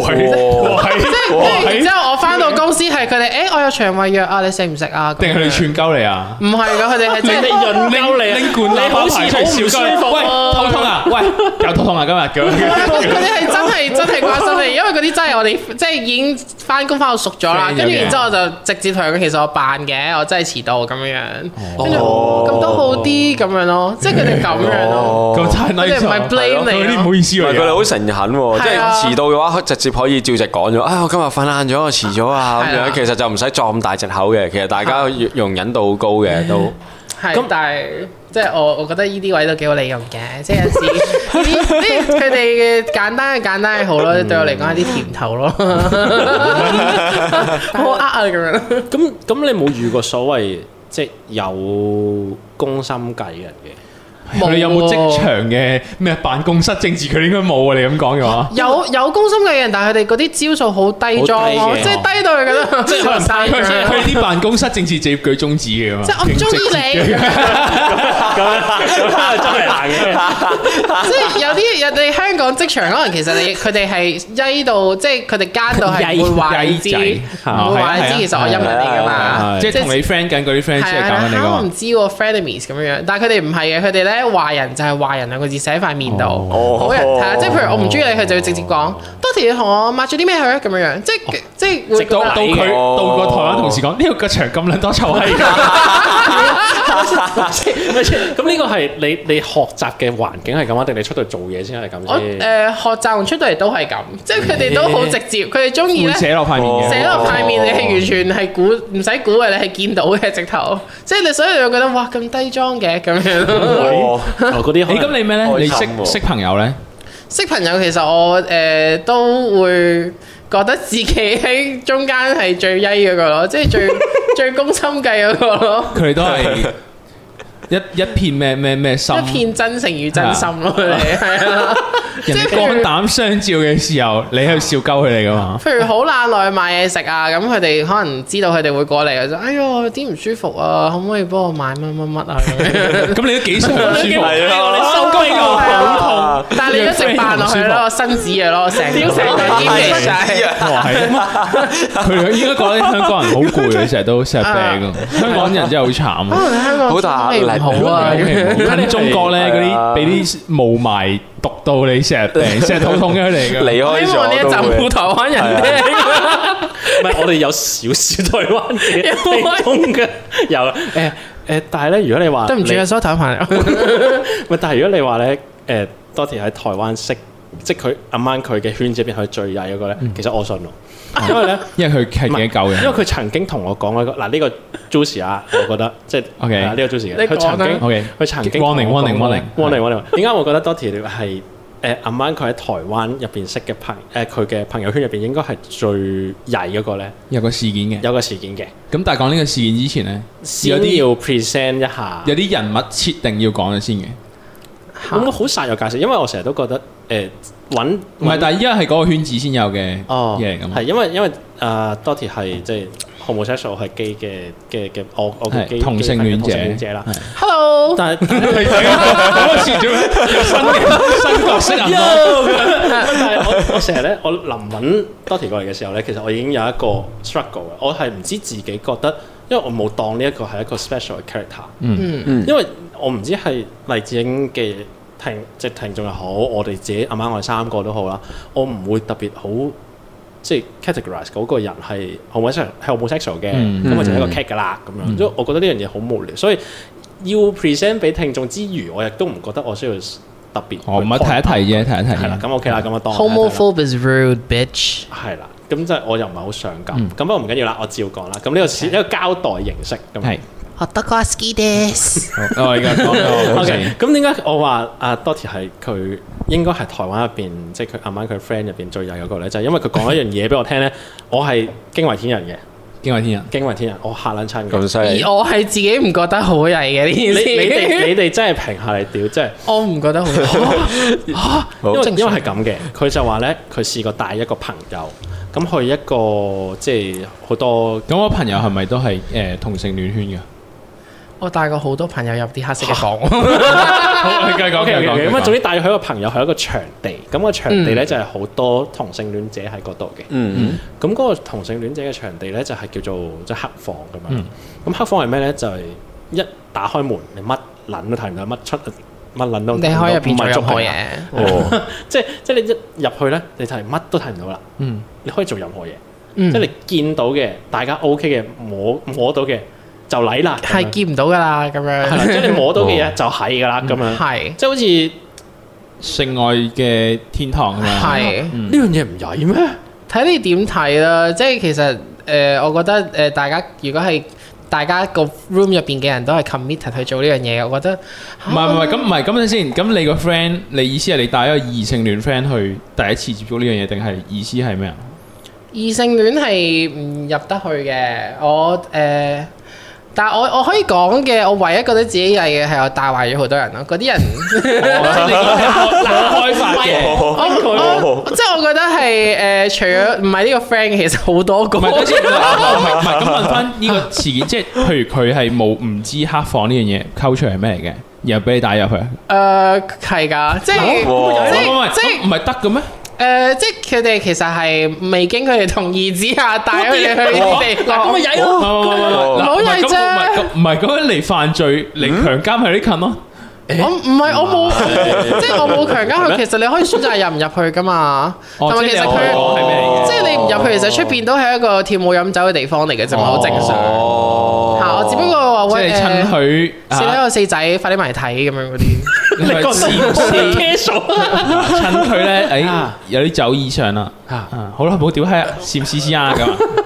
哇！即係然之後我翻到公司係佢哋誒我有腸胃藥啊，你食唔食啊？定係你串鳩你啊？唔係㗎，佢哋係真。拎你管理好似唔舒服，喂頭痛啊，喂又頭痛啊今日，嗰啲係真係真係關心你，因為嗰啲真係我哋即係已經翻工，翻到熟咗啦，跟住然之後就直接同佢，其實我扮嘅，我真係遲到咁樣樣，跟住哦咁都好啲咁樣咯，即係佢哋咁樣咯，即係唔係 blame 你，佢哋唔好意思嚟，佢哋好誠懇，即係遲到嘅話直接可以照直講咗，啊我今日瞓晏咗我遲咗啊咁樣，其實就唔使作咁大借口嘅，其實大家容忍度好高嘅都。係，但係那即係我，我覺得呢啲位都幾好利用嘅，即係有時佢哋嘅簡單嘅簡單嘅好咯，對我嚟講係啲甜頭咯，好呃啊咁樣。咁咁你冇遇過所謂即係有攻心計人嘅？你有冇職場嘅咩辦公室政治？佢應該冇啊！你咁講嘅話，有有公心嘅人，但係佢哋嗰啲招數好低裝，即係低到嘅啦。即係可能佢佢啲辦公室政治直接舉中指嘅嘛。即係我唔中意你，即係有啲人哋香港職場可能其實你佢哋係曳到，即係佢哋奸到係冇壞之冇其實我陰人哋㗎嘛，即係同你 friend 緊嗰啲 friend 係咁。我唔知喎 frenemies 咁樣樣，但係佢哋唔係嘅，佢哋咧。壞人就係壞人兩個字寫喺塊面度。好人係啊，即係譬如我唔中意你，佢就要直接講多 o 你同我抹咗啲咩去咁樣樣，即係即係會到佢到個台灣同事講呢條腳長咁卵多臭閪。咁呢個係你你學習嘅環境係咁，定你出到嚟做嘢先係咁？我誒，學習同出到嚟都係咁，即係佢哋都好直接，佢哋中意咧寫落塊面，寫落塊面你係完全係估唔使估嘅，你係見到嘅直頭，即係你所以就覺得哇咁低妝嘅咁樣。哦，啲、 欸、你咁憨你咩咧？你識識朋友咧？識朋友其實我誒、呃、都會覺得自己喺中間係最曳嗰個咯，即係 最最攻心計嗰個咯。佢都係。一一片咩咩咩心，一片真誠與真心咯，佢哋係啊，人哋肝膽相照嘅時候，你喺度笑鳩佢哋噶嘛？譬如好懶落去買嘢食啊，咁佢哋可能知道佢哋會過嚟，就哎呀啲唔舒服啊，可唔可以幫我買乜乜乜啊？咁你都幾舒服，你受鳩你好痛，但係你一直扮落去咯，個身子嘢咯，成日跌嚟曬，佢應該覺得香港人好攰啊，成日都成日病，香港人真係好慘啊，好慘。好啊！睇下啲中國咧，嗰啲俾啲霧霾毒到你成日病，成日肚痛嘅嚟嘅。我希望呢一陣冇台灣人聽。唔係哈哈， 我哋有少少台灣嘅。有誒誒，但係咧，如果你話，對唔住啊？所有台灣，唔 係、呃。但係如果你話咧，誒、呃，多田喺台灣識，即係佢阿媽佢嘅圈子入邊，佢最曳嗰、那個咧， 其實我信因為咧， 因為佢係幾舊嘅，因為佢曾經同我講嗰、嗰個嗱呢、啊呢個 Jussi 啊，我覺得即係 OK 呢、啊呢個 Jussi 佢曾經 OK，佢曾經。w 點解我覺得 Dotty 係誒阿、呃、媽佢喺台灣入邊識嘅朋誒佢嘅朋友圈入邊應該係最曳嗰個咧？有個事件嘅，有個事件嘅。咁但係講呢個事件之前咧，有啲要 present 一下，有啲人物設定要講嘅先嘅。咁我好曬有介紹，因為我成日都覺得誒揾唔係，但係依家係嗰個圈子先有嘅哦，咁。係因為因為啊，Dotty 係即係 homosexual，係基嘅嘅嘅我我同性戀者啦。Hello，但係新角色啊！我我成日咧，我臨揾 Dotty 過嚟嘅時候咧，其實我已經有一個 struggle，我係唔知自己覺得，因為我冇當呢一個係一個 special character。嗯嗯，因為。我唔知係黎智英嘅聽即係聽眾又好，我哋自己啱啱我哋三個都好啦。我唔會特別好即係 categorize 嗰個人係 homosexual 嘅，咁我就係一個 cat 噶啦咁樣。即、嗯、我覺得呢樣嘢好無聊，所以要 present 俾聽眾之餘，我亦都唔覺得我需要特別麼。我唔係提一提嘢，提一提係啦。咁 OK 啦，咁我當我看看、嗯。Homophobic is rude, bitch。係啦，咁即係我又唔、嗯、係好想講。咁不過唔緊要啦，我照講啦。咁呢個一個交代形式咁係。學得過 ski 啲。好，我而家講。OK，咁點解我話阿 Dotty 係佢應該係台灣入邊，即係佢阿媽佢 friend 入邊最曳嘅個咧？就係、是就是、因為佢講一樣嘢俾我聽咧，我係驚為天人嘅。 驚為天人，驚為天人，我嚇撚餐咁犀利。我係自己唔覺得好曳嘅呢件事。你你你哋真係評下嚟屌，即、就、係、是。我唔覺得好。 因為因為係咁嘅，佢就話咧，佢試過帶一個朋友，咁去一個即係好多。咁 我朋友係咪都係誒同性戀圈嘅？我帶過好多朋友入啲黑色嘅房，繼續講嘅講嘅，咁啊，總之帶佢一個朋友去一個場地，咁個場地咧就係好多同性戀者喺嗰度嘅。嗯，咁嗰個同性戀者嘅場地咧就係叫做即係黑房咁樣。咁黑房係咩咧？就係一打開門，你乜捻都睇唔到，乜出乜捻都你可以入邊做任何嘢，即係即係你一入去咧，你就係乜都睇唔到啦。嗯，你可以做任何嘢，即係你見到嘅，大家 OK 嘅摸摸到嘅。就嚟啦，係見唔到噶啦，咁樣，即係你摸到嘅嘢就係噶啦，咁樣，即係好似性愛嘅天堂咁樣，係呢樣嘢唔曳咩？睇你點睇啦，即係其實誒，我覺得誒，大家如果係大家個 room 入邊嘅人都係 committed 去做呢樣嘢，我覺得唔係唔係咁唔係咁樣先，咁你個 friend，你意思係你帶一個異性戀 friend 去第一次接觸呢樣嘢，定係意思係咩啊？異性戀係唔入得去嘅，我誒。但係我我可以講嘅，我唯一覺得自己曳嘅係我帶壞咗好多人咯。嗰啲人，power 人，你講嘢開放嘅，即係我覺得係誒，除咗唔係呢個 friend，其實好多個。唔係唔係，咁問返呢個事件，即係譬如佢係冇唔知黑房呢樣嘢，溝出係咩嚟嘅，然後俾你打入去。誒係㗎，即係唔係得嘅咩？就是就是誒，即係佢哋其實係未經佢哋同意之下帶佢哋去啲地，嗱咁咪曳咯，唔好曳啫。唔係咁樣嚟犯罪嚟強姦佢啲近咯。我唔係我冇，即係我冇強姦佢。其實你可以選擇入唔入去噶嘛。同埋其實佢，即係你唔入去，其實出邊都係一個跳舞飲酒嘅地方嚟嘅，就係好正常。嗰個話喂，趁呢個四仔，啊、快啲埋嚟睇咁樣嗰啲，你個 是 趁佢咧，誒有啲酒意上啦，嗯、 啊，好啦，冇屌閪，試 C C 啊？咁。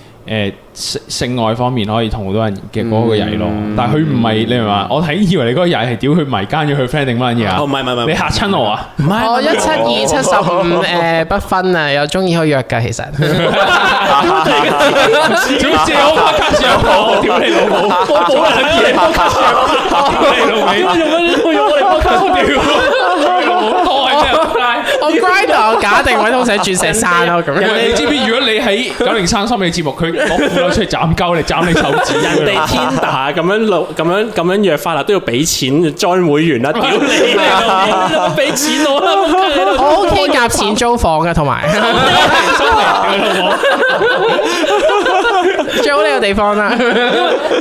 誒，性性愛方面可以同好多人嘅嗰個曳咯，但係佢唔係你明嘛？我睇以為你嗰個曳係屌佢迷奸咗佢 friend 定乜嘢啊？哦，唔係唔係，你嚇親我啊？唔係，我一七二七十五誒不分啊，有鍾意可以約㗎其實。屌少卡上我，屌你老母，幫我揾嘢，屌你老母。屌你老母，屌你老母，屌你老母，屌你老母屌！關我假定位都寫鑽石山咯，咁樣你知唔知？如果你喺九零三心理節目，佢攞斧哥出去斬鳩，嚟斬你手指，人哋天打咁樣老，咁樣咁樣約法律都要俾錢 join 會員啦，屌你咪，俾錢我啦，我 OK 夾錢租房嘅，同埋最好呢個地方啦，因為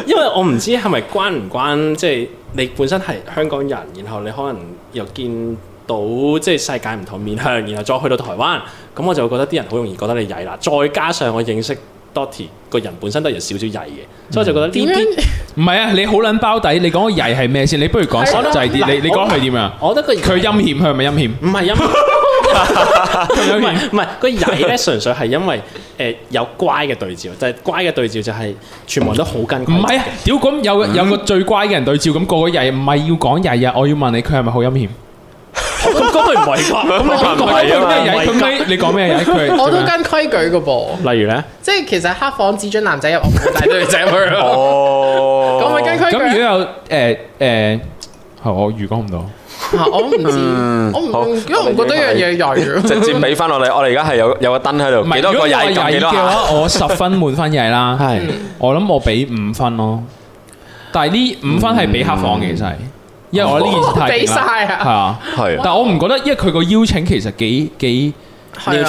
因為我唔知係咪關唔關，即係你本身係香港人，然後你可能又見。到即係世界唔同面向，然後再去到台灣，咁我就會覺得啲人好容易覺得你曳啦。再加上我認識 Dotty 個人本身都有少少曳嘅，所以我就覺得呢啲唔係啊！你好撚包底，你講個曳係咩先？你不如講實際啲。啊、你來你講佢點啊？我覺得佢陰險，佢係咪陰險？唔係陰險，唔係唔係個曳咧，純粹係因為誒、呃、有乖嘅對照，就係、是、乖嘅對照就係全部人都好跟。唔係啊！屌咁、啊、有有， 有個最乖嘅人對照咁，個個曳唔係要講曳啊！我要問你是是，佢係咪好陰險？咁佢唔違法，咁你講咩嘢規矩？你講咩嘢規矩？我都跟規矩嘅噃。例如咧，即係其實黑房只準男仔入，唔準女仔入咯。哦，咁咪跟規矩。咁如果有誒誒，係我預講唔到。啊，我唔知，我唔，我唔覺得呢樣嘢。直接俾翻落嚟，我哋而家係有有個燈喺度，幾多個廿幾多下？我十分滿分嘢啦，係。我諗我俾五分咯，但係呢五分係俾黑房嘅，其實係。因為我呢件事太勁啦，係啊，係啊，但係我唔覺得，因為佢個邀請其實幾幾。係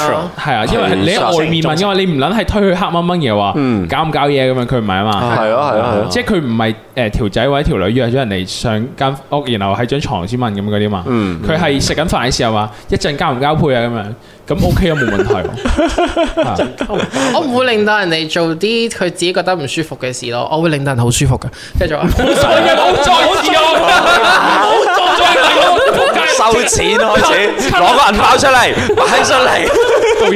啊，因為你喺外面問嘅嘛，你唔捻係推佢黑掹掹嘅話，搞唔搞嘢咁樣，佢唔係啊嘛，係啊，係啊。係咯，即係佢唔係誒條仔或者條女約咗人嚟上間屋，然後喺張床先問咁嗰啲嘛，佢係食緊飯嘅時候話，一陣交唔交配啊咁樣，咁 OK 啊冇問題，我唔會令到人哋做啲佢自己覺得唔舒服嘅事咯，我會令到人好舒服嘅，繼續。收錢開始，攞 個銀包出嚟，擺上嚟，第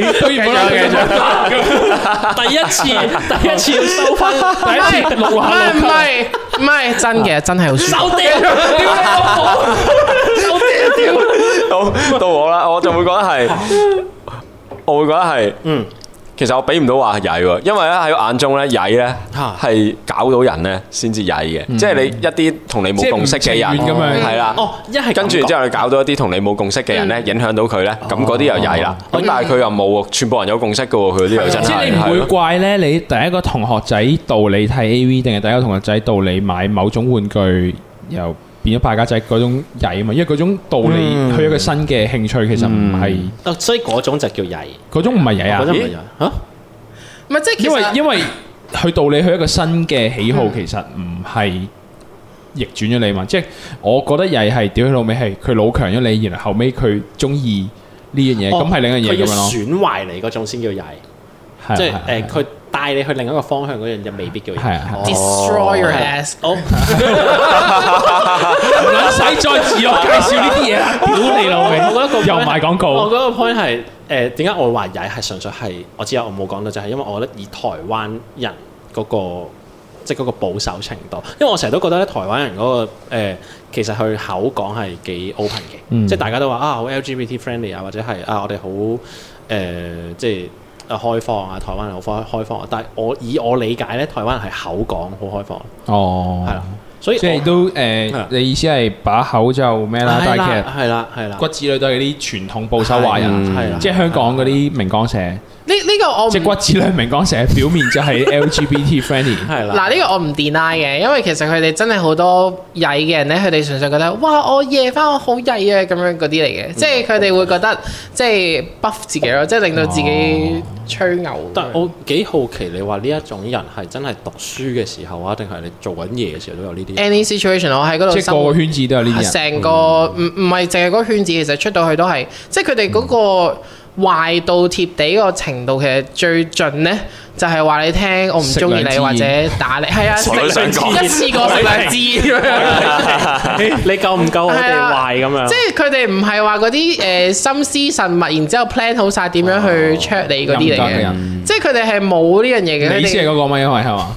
一次，第一次收翻，第一次唔係唔係真嘅，真係好舒服。到我，到我啦，我就會覺得係，我會覺得係，嗯。其實我畀唔到話曳喎，因為咧喺我眼中咧，曳咧係搞到人咧先至曳嘅，嗯、即係你一啲同你冇共識嘅人，係啦，了哦，一係跟住之後你搞到一啲同你冇共識嘅人咧，嗯、影響到佢咧，咁嗰啲又曳啦。咁但係佢又冇，全部人有共識嘅喎，佢啲又真係。唔知你會怪咧？對你第一個同學仔導你睇 AV，定係第一個同學仔導你買某種玩具又？變咗敗家仔嗰種曳啊嘛，因為嗰種道理去一個新嘅興趣，其實唔係，所以嗰種就叫曳，嗰種唔係曳啊？我覺得唔係啊，唔係即係，因為因為佢道理去一個新嘅喜好，其實唔係逆轉咗你嘛。即係我覺得曳係屌佢老味，係佢老強咗你，然後後尾佢中意呢樣嘢，咁係另一樣嘢咁咯。要損壞你嗰種先叫曳，即係誒，佢。帶你去另一個方向嗰樣就未必叫嘢。係啊，destroy your ass！好，唔使再自我介紹呢啲嘢，屌你老味！我覺得個又賣廣告。我嗰 point 係誒，點解我話曳係純粹係我知啊，我冇講到就係、是、因為我覺得以台灣人嗰個即係嗰個保守程度，因為我成日都覺得咧，台灣人嗰、那個、呃、其實佢口講係幾 open 嘅，嗯、即係大家都話啊好 LGBT friendly 啊或者係啊我哋好誒即係。啊開放啊，台灣好開開放啊，但係我以我理解咧，台灣人係口講好開放，哦，係啦，所以即係都誒，呃、的你意思係把口就咩啦？的但係其實係啦係啦，骨子裏都係啲傳統保守華人，係即係香港嗰啲明光社。呢呢、這個我即骨子裡唔講成日，表面就係 LGBT friendly 對啦，啦。嗱、這、呢個我唔 deny 嘅，因為其實佢哋真係好多曳嘅人咧，佢哋純粹覺得哇我夜翻我好曳啊咁樣嗰啲嚟嘅，即係佢哋會覺得即係 buff 自己咯，即係令到自己吹牛，啊。但我幾好奇你話呢一種人係真係讀書嘅時候啊，定係你做緊嘢嘅時候都有呢啲？Any situation 我喺嗰度，即係個圈子都有呢啲，成個唔唔係淨係嗰個圈子，其實出到去都係，即係佢哋嗰個。嗯壞到貼地個程度，其實最盡呢就係、是、話你聽，我唔中意你或者打你，係啊，食兩次，一次過食兩支咁樣。你夠唔夠佢哋壞咁樣？即係佢哋唔係話嗰啲誒心思縝密，然之後 plan 好晒點樣去 check 你嗰啲嚟嘅。哦、即係佢哋係冇呢樣嘢嘅。 們你試過嗰個咩？因為係嘛？